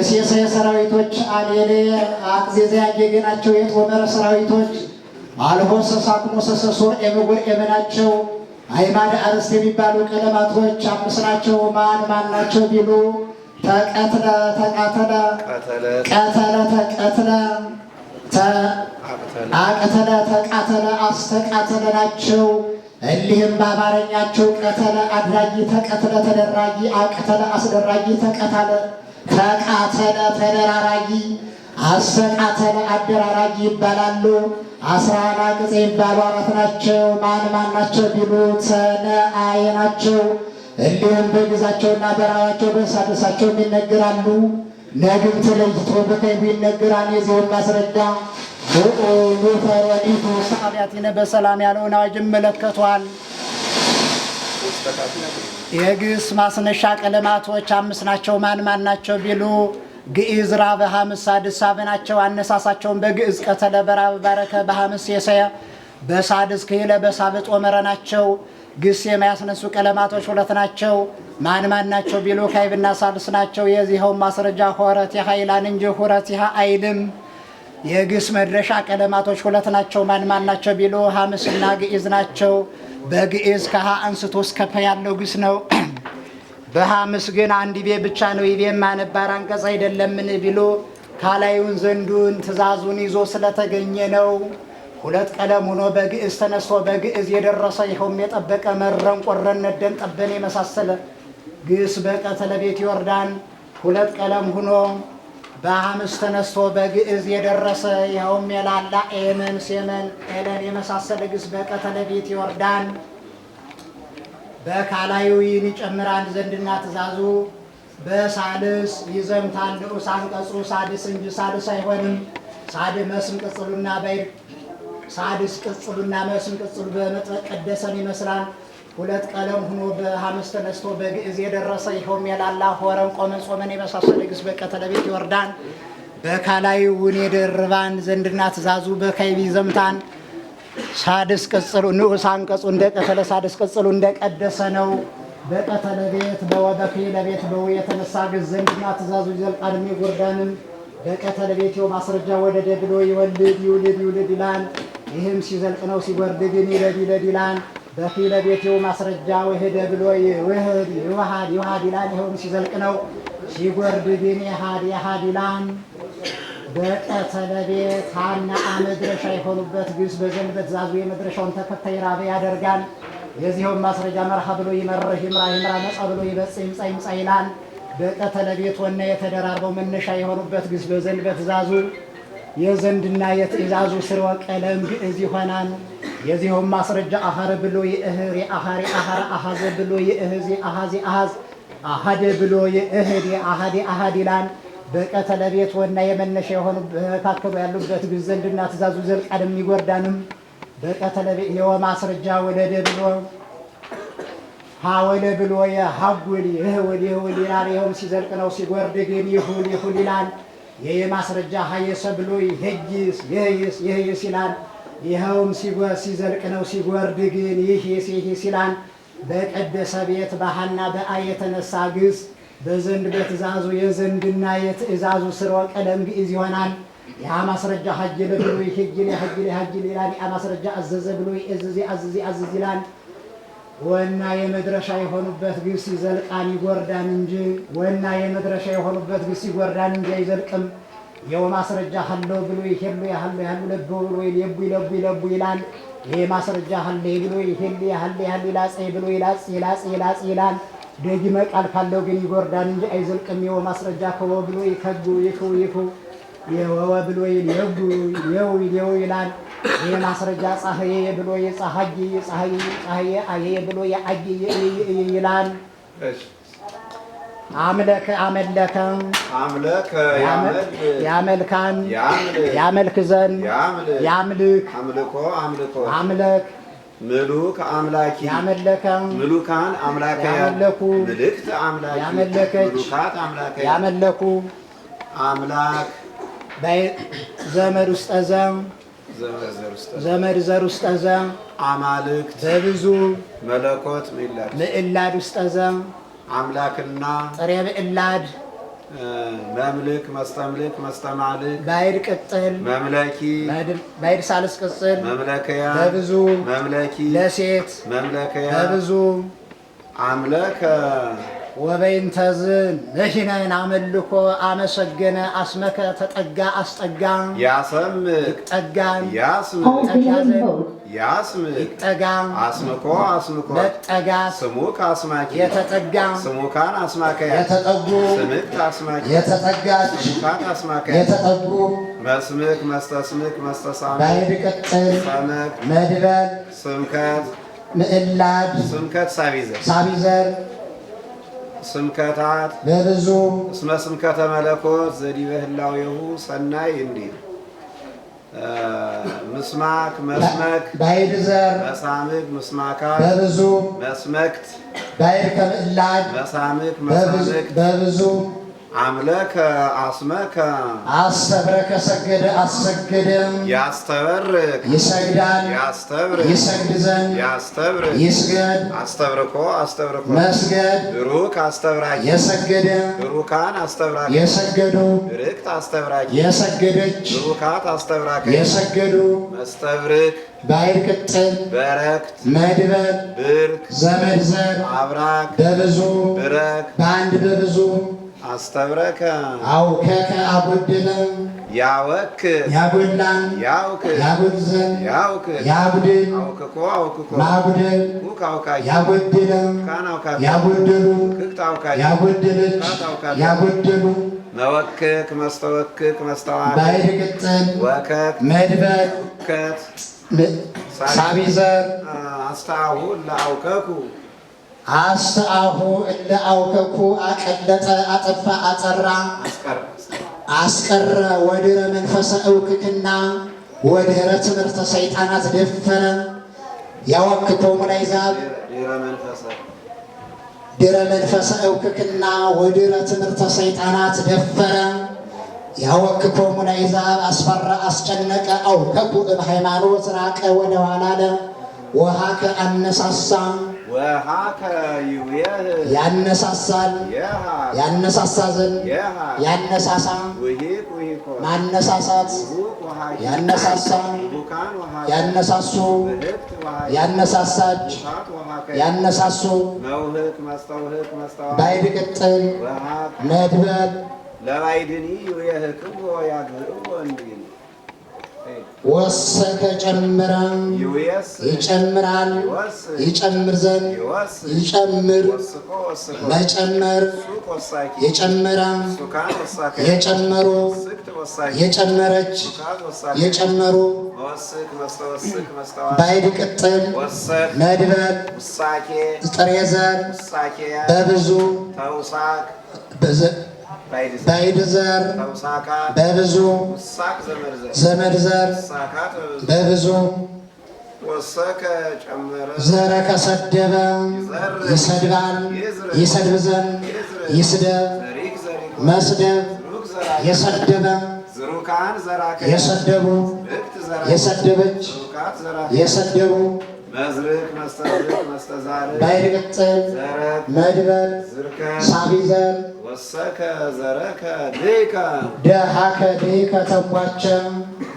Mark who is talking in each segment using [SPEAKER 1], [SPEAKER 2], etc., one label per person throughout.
[SPEAKER 1] የሴሰ
[SPEAKER 2] ሰራዊቶች አሌሌ አቅዜዚያ ጌጌ ናቸው። የጦመረ ሰራዊቶች አልሆሰ ሳኩሞሰ ሰሶር ኤመጎ ኤመ ናቸው። አይማድ አርዕስት የሚባሉ ቀለማቶች አምስት ማን ማን ናቸው ቢሉ ተቀትለ ተቃተለ ቀተለ ተቀትለ አቅተለ ተቃተለ አስተቃተለ ናቸው። እሊህም በአማርኛቸው ቀተለ አድራጊ፣ ተቀትለ ተደራጊ፣ አቅተለ አስደራጊ፣ ተቀታለ ከቃተለ ተደራራጊ አሰቃተለ አደራራጊ ይባላሉ። አስራ አናቅጽ የሚባሉ አራት ናቸው። ማን ማን ናቸው ቢሉ ተነ አይ ናቸው። እንዲሁም በግዛቸውና በራባቸው በሳደሳቸው ይነግራሉ። ነግብ ለይቶ በከይቡ ይነግራል። የዚሁን ማስረዳ ብኦ ፈረዲቱ ሳቢያቲነ በሰላም ያለውን አዋጅ መለከቷል። የግስ ማስነሻ ቀለማቶች አምስት ናቸው። ማን ማን ናቸው ቢሉ ግዕዝ ራብ አድስ ሳድሳብ ናቸው። አነሳሳቸውን በግዕዝ ቀተለ በራብ ባረከ በሐምስ የሰየ በሳድስ ክሄለ በሳብጥ ወመረ ናቸው። ግስ የማያስነሱ ቀለማቶች ሁለት ናቸው። ማን ማን ናቸው ቢሉ ካይብና ሳድስ ናቸው። የዚኸው ማስረጃ ሆረት የኃይላን እንጂ ሁረት ይሃ አይልም። የግስ መድረሻ ቀለማቶች ሁለት ናቸው። ማን ማን ናቸው ቢሉ ሐምስና ግዕዝ ናቸው። በግዕዝ ከሀ አንስቶ እስከ ፐ ያለው ግስ ነው። በሐምስ ግን አንድ ቤ ብቻ ነው። ይቤ ማነባር አንቀጽ አይደለምን ቢሎ ካላዩን ዘንዱን ትእዛዙን ይዞ ስለተገኘ ነው። ሁለት ቀለም ሆኖ በግዕዝ ተነስቶ በግዕዝ የደረሰ ይኸውም የጠበቀ መረን ቆረን ነደን ጠበን የመሳሰለ ግስ በቀተለቤት ዮርዳን ሁለት ቀለም ሆኖ በአምስ ተነስቶ በግዕዝ የደረሰ ይኸውም የላላ ኤመን ሴመን ኤለን የመሳሰለ ግስ በቀተለ ቤት ዮርዳን በካላዩ ይህን ይጨምራል ዘንድና ትእዛዙ በሳልስ ይዘምታል ንዑስ አንቀጹ ሳድስ እንጂ ሳልስ አይሆንም። ሳድ መስም ቅጽሉና በይድ ሳድስ ቅጽሉና መስም ቅጽሉ በመጥበቅ ቀደሰን ይመስላል። ሁለት ቀለም ሁኖ በሐምስ ተነስቶ በግዕዝ የደረሰ ይኸውም የላላ ሆረን ቆመን ጾመን የመሳሰለ ግስ በቀተለ ቤት ይወርዳን በካላይ ውን የደርባን ዘንድና ትእዛዙ በካይቢ ዘምታን ሳድስ ቅጽሉ ንዑስ አንቀጹ እንደ ቀተለ ሳድስ ቅጽሉ እንደቀደሰ ነው። በቀተለ ቤት በወበፊ ለቤት በው የተነሳ ግዝ ዘንድና ትእዛዙ ይዘልቃድሜ ጎርዳንም በቀተለ ቤት ው ማስረጃ ወደ ብሎ ይወልድ ይውልድ ይውልድ ይላል። ይህም ሲዘልቅ ነው። ሲወርድ ግን ይለድ ይለድ ይላል። በፊለ ቤቴው ማስረጃ ወሄደ ብሎ ይህድ ይውሃድ ይውሃድ ይላል። ይኸውም ሲዘልቅ ነው። ሲጎርድ ግን የሃድ የሃድ ይላል። በቀተለ ቤት ሀና መድረሻ የሆኑበት ግስ በዘንበት ዛዙ የመድረሻውን ተከታይ ራበ ያደርጋል። የዚህውን ማስረጃ መርሃ ብሎ ይመርህ ይምራ ይምራ መጻ ብሎ ይበጽ ይምጻ ይምጻ ይላል። በቀተለ ቤት ወነ የተደራርበው መነሻ የሆኑበት ግስ በዘንበት ዛዙ የዘንድና የትእዛዙ ስርወ ቀለም ግዕዝ ይሆናል። የዚሁም ማስረጃ አሃረ ብሎ የእህር የአሃሪ አሃረ አሃዘ ብሎ የእህዝ የአሃዝ የአሃዝ አሃደ ብሎ የእህድ የአሃድ አሃድ ይላል። በቀተለ ወና የመነሻ የሆኑ በታከሉ ያሉበት ግዕዝ ዘንድና ትእዛዙ ዘልቃድ የሚጎርዳንም በቀተለ ቤት የወ ማስረጃ ወለደ ብሎ ሀወለ ብሎ የሀጉል ይህውል ይህውል ይላል። ይኸውም ሲዘልቅ ነው ሲጎርድ ግን ይሁል ይሁል ይላል። የማስረጃ ሀየሰ ብሎ ይሄይስ ይሄይስ ይሄይስ ይላል። ይኸውም ሲዘልቅ ነው። ሲጎርድ ግን ይሄስ ይሄስ ይላል። በቀደሰ ቤት ባህና በአ የተነሳ ግስ በዘንድ በትእዛዙ የዘንድና የትእዛዙ ስርወ ቀለም ግዕዝ ይሆናል። ያ ማስረጃ ሀየለ ብሎ ይሄይል ያሀይል ያሀይል ይላል። ያ ማስረጃ አዘዘ ብሎ ይእዝዝ አዝዚ አዝዚ ይላል። ወና የመድረሻ የሆኑበት ግብስ ይዘልቃል ይጎርዳን እንጂ ወና የመድረሻ የሆኑበት ግብስ ይጎርዳን እንጂ አይዘልቅም። የው ማስረጃ ሀለው ብሎ ይሄሉ ያሉ ያሉ ለብ ብሎ ይለቡ ይለቡ ይለቡ ይላል። ይሄ ማስረጃ ሀለ ብሎ ይሄሉ ያሉ ያሉ ይላጽ ብሎ ይላጽ ይላጽ ይላጽ ይላል። ደጊመ ቃል ካለው ግን ይጎርዳን እንጂ አይዘልቅም። የው ማስረጃ ከወ ብሎ ይከጉ ይፉ ይፉ የወ ብሎ ይለጉ የው ይለው ይላል ይህ ማስረጃ ፀሐዬ ብሎ የፀሐይ ፀሐይ ፀሐዬ አየ ብሎ የአየ ይላል። አምለከ አመለከ አምለከ ያመልካን ያመልክ ዘን ያምልክ
[SPEAKER 1] አምልኮ አምልኮ አምለክ ምሉክ አምላኪ ያመለከ ምሉካን አምላከ ያመለኩ ምልክት አምላኪ ያመለከች ምሉካት አምላከ
[SPEAKER 2] ያመለኩ አምላክ በዘመድ ውስጠ ዘም ዘመድ ዘር ውስጠዛ አማልክት በብዙ መለኮት ምዕላድ ውስጠዛ አምላክና ጥሬ ብዕላድ
[SPEAKER 1] መምልክ መስተምልክ መስተማልክ
[SPEAKER 2] ባይድ ቅጥል መምለኪ ባይድ ሳልስ ቅጽል
[SPEAKER 1] መምለከያ በብዙ መምለኪ ለሴት መምለከያ በብዙ አምለከ
[SPEAKER 2] ወበይንተዝን መሂነን አመልኮ አመሰገነ አስመከ ተጠጋ አስጠጋ
[SPEAKER 1] ያሰም ይቅጠጋን ያስም ያስም ይቅጠጋ አስምኮ አስምኮ መጠጋ ስሙክ አስማኪ የተጠጋ ስሙካን አስማከ የተጠጉ ስምት አስማኪ የተጠጋ ስሙካን አስማከ የተጠጉ መስምክ መስተስምክ መስተሳም ባይድ ቅጥል ሰመክ መድበል ስምከት
[SPEAKER 2] ምዕላድ
[SPEAKER 1] ስምከት ሳቢዘር ሳቢዘር ስምከታት ለብዙ እስመ ስምከተ መለኮት ዘዲበ ህላዌሁ ሰናይ እንዲል ምስማክ መስመክ ባይድ ዘር መሳምክ ምስማካት በብዙ መስመክት ባይድ ከምዕላድ መሳምክ መሳምክ በብዙ አምለከ አስመከ
[SPEAKER 2] አስተብረከ ሰገደ አሰገደም
[SPEAKER 1] ያስተበርክ ይሰግዳል ያስተብርክ ይሰግድ ዘንድ ያስተብርክ ይስገድ አስተብርኮ አስተብርኮ መስገድ ብሩክ አስተብራኪ የሰገደ ብሩካን አስተብራኪ የሰገዱ ብርክት አስተብራኪ የሰገደች ብሩካት አስተብራኪ የሰገዱ መስተብርክ ባይር ቅጥል በረክት መድበል ብርክ ዘመድ ዘር አብራክ በብዙ ብረክ
[SPEAKER 2] በአንድ በብዙ
[SPEAKER 1] አስተብረከ አውከከ አጎደለ ያወክ ያጎላን ያውክ ያጎዘን ያውክ ያብድን አውክኮ አውክኮ ማብደል ውክ አውካ ያጎደለ ካን አውካ ያጎደሉ ክክት አውካ ያጎደለች ያጎደሉ መወክክ መስተወክክ መስተዋክ ባይድ ቅጥል ወከት መድበቅ ከት
[SPEAKER 2] ሳቢዘር
[SPEAKER 1] አስታሁ ለአውከኩ
[SPEAKER 2] አስተአሁ እንደ አውከኩ አቀለጠ አጠፋ አጠራ አስቀረ ወድረ መንፈሰ እውክክና ወድረ ትምህርተ ሰይጣናት ደፈረ ያወክቶሙ ላሕዛብ ድረ መንፈሰ እውክክና ወድረ ትምህርተ ሰይጣናት ደፈረ ያወክቶሙ ላሕዛብ አስፈራ አስጨነቀ አውከኩ እምሃይማኖት ራቀ ወደኋላለ ወሃከ አነሳሳ ያነሳሳል ያነሳሳ ዘንድ ያነሳሳ
[SPEAKER 1] ማነሳሳት
[SPEAKER 2] ያነሳሳ ያነሳሱ ያነሳሳች ያነሳሱ ባይድ ቅጥል መድበር
[SPEAKER 1] ለባይድኒ የህክም ያግዝእ
[SPEAKER 2] ወንድ ወሰከ ጨምራ ይጨምራል ይጨምር ዘንድ
[SPEAKER 1] ይጨምር መጨመር የጨመራ የጨመሩ የጨመረች የጨመሩ ባይድ ቅጥል መድበል ዘር በብዙ ባይድ ዘር በብዙ
[SPEAKER 2] ዘመድ ዘር በብዙ ዘረቀ ሰደበ ይሰድባል ይሰድብ ዘንድ ይስደብ መስደብ የሰደበ የሰደቡ የሰደበች የሰደቡ ባይድ ቅጥል መድበል ሳቢ ዘር
[SPEAKER 1] ወሰከ ዘረከ ድይከ
[SPEAKER 2] ደሃከ ድይከ ተንቧቸ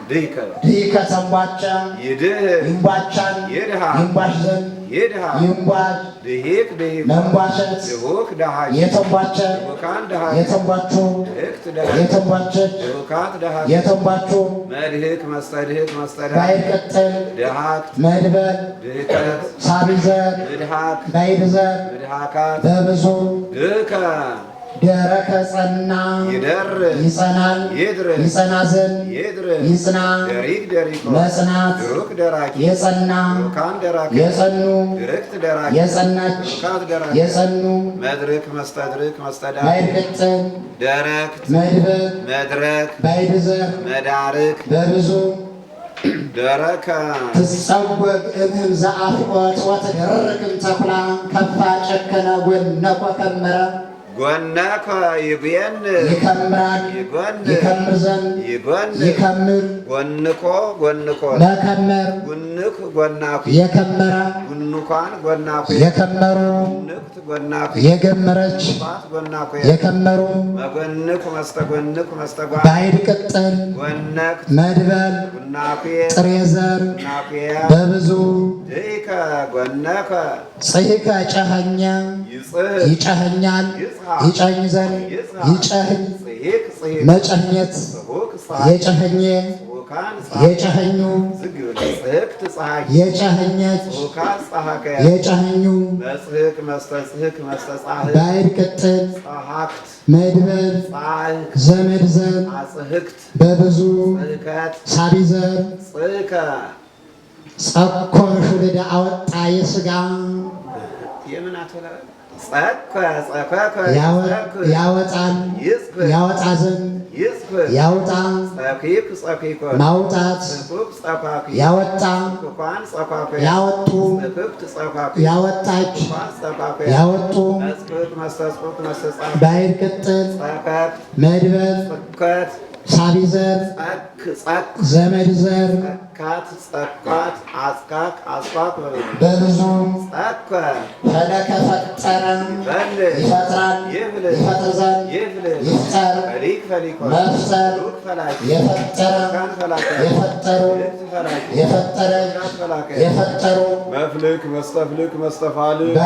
[SPEAKER 1] ድይከ ድይከ ተንቧቸ ይድህ ይንቧቻን ይድሃ ይንቧሽ ዘንድ ይድሃ ይንቧች ድሂቅ ድሂቅ ለንቧሸት ድሁክ ደሃች የተንቧቸ ድሁካን ደሃች የተንቧቹ ድህቅት ደሃች የተንቧቸች ድሁካት ደሃች የተንቧቹ መድህቅ መስተድህቅ መስተድሃ ባይቀጥል ድሃክ መድበል
[SPEAKER 2] ድህቀት ሳቢዘር ምድሃክ ባይብዘር ምድሃካት በብዙ ድከ ደረከ ጸና ይጸናል ይጸና ዘን
[SPEAKER 1] ይጽና መጽናት የጸና የጸኑ የጸናች የጸኑ መድረክ መስተድርክ መስተዳድር ባይገጥም ደረክት መድብቅ መድረክ ባይብዘህ መዳርክ በብዙ ደረከ
[SPEAKER 2] ትጸወግ እምህም ዘአፍቆ ጽወት ደርቅም ተኩላ ከፋ ጨከነ ጎነ ኮከመረ
[SPEAKER 1] ጎና ይቤን ይከምራል ይከምር ዘንድ ይከምር ጎንኮ ጎንኮ መከመር ጉንክ ጎናኩ የከመረ ጉንኳን ጎናኩ የከመሩ ጉንክት ጎናኩ የገመረች የከመሩ መጎንኩ መስተጎንኩ መስተጓን ባይድ ቅጥል ጎነክ መድበል ጉናኩ
[SPEAKER 2] ጥሬ ዘር
[SPEAKER 1] በብዙ ድይከ ጎነከ
[SPEAKER 2] ጽይከ ጨኸኛ ይጨህኛል፣ ይጨኝ ዘንድ ይጨህኝ፣
[SPEAKER 1] መጨኘት የጨህኘ፣ የጨህኙ፣ የጨህኘች፣ የጨህኙ፣ ባይድ ቅጥል፣ መድበል፣ ዘመድ ዘን በብዙ
[SPEAKER 2] ሳቢዘር ጸኮር ሹልዳ አወጣ የሥጋ
[SPEAKER 1] ያወጣል ያወጣ ዘንድ ያውጣ ማውጣት ያወጣ ያወጡ ያወጣች ያወጡ
[SPEAKER 2] ባይር ቅጥል መድበል ሳቢ ዘር ዘመድ ዘር
[SPEAKER 1] በብዙ ፈለከ
[SPEAKER 2] ፈጠረን ይፈጥራል ይፈጥር ዘንድ ይፍጠር መፍጠር የፈጠረ
[SPEAKER 1] የፈጠሩ የፈጠረች የፈጠሩ መፍልክ መስተፍልክ መስተፋልክ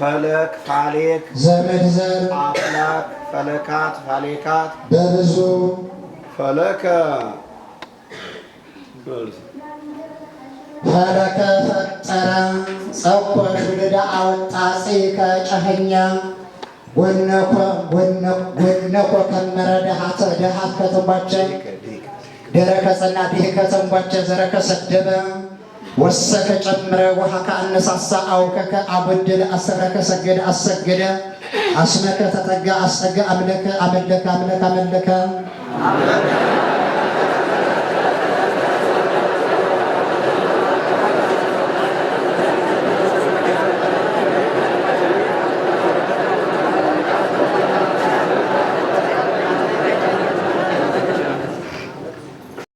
[SPEAKER 1] ፈለክ ፋሌክ ዘመድ ዘር አፍላክ ፈለካት ፋሌካት በብዙ ፈለከ
[SPEAKER 2] ፈለከ ፈጠረ ጸኮሽ ልዳ አወጣ ጽከ ጨኸኛ ወነኮ ከመረ ደሃ ከተንቧቸ ደረከ ጸና ከተንቧቸ ዘረከ ሰደበ ወሰከ ጨምረ ውሃ ከአነሳሳ አውከከ አበደለ አሰረከ ሰገደ አሰገደ አስነከ ተጠጋ አስጠጋ አምለከ አመለከ አምለከ አመለከ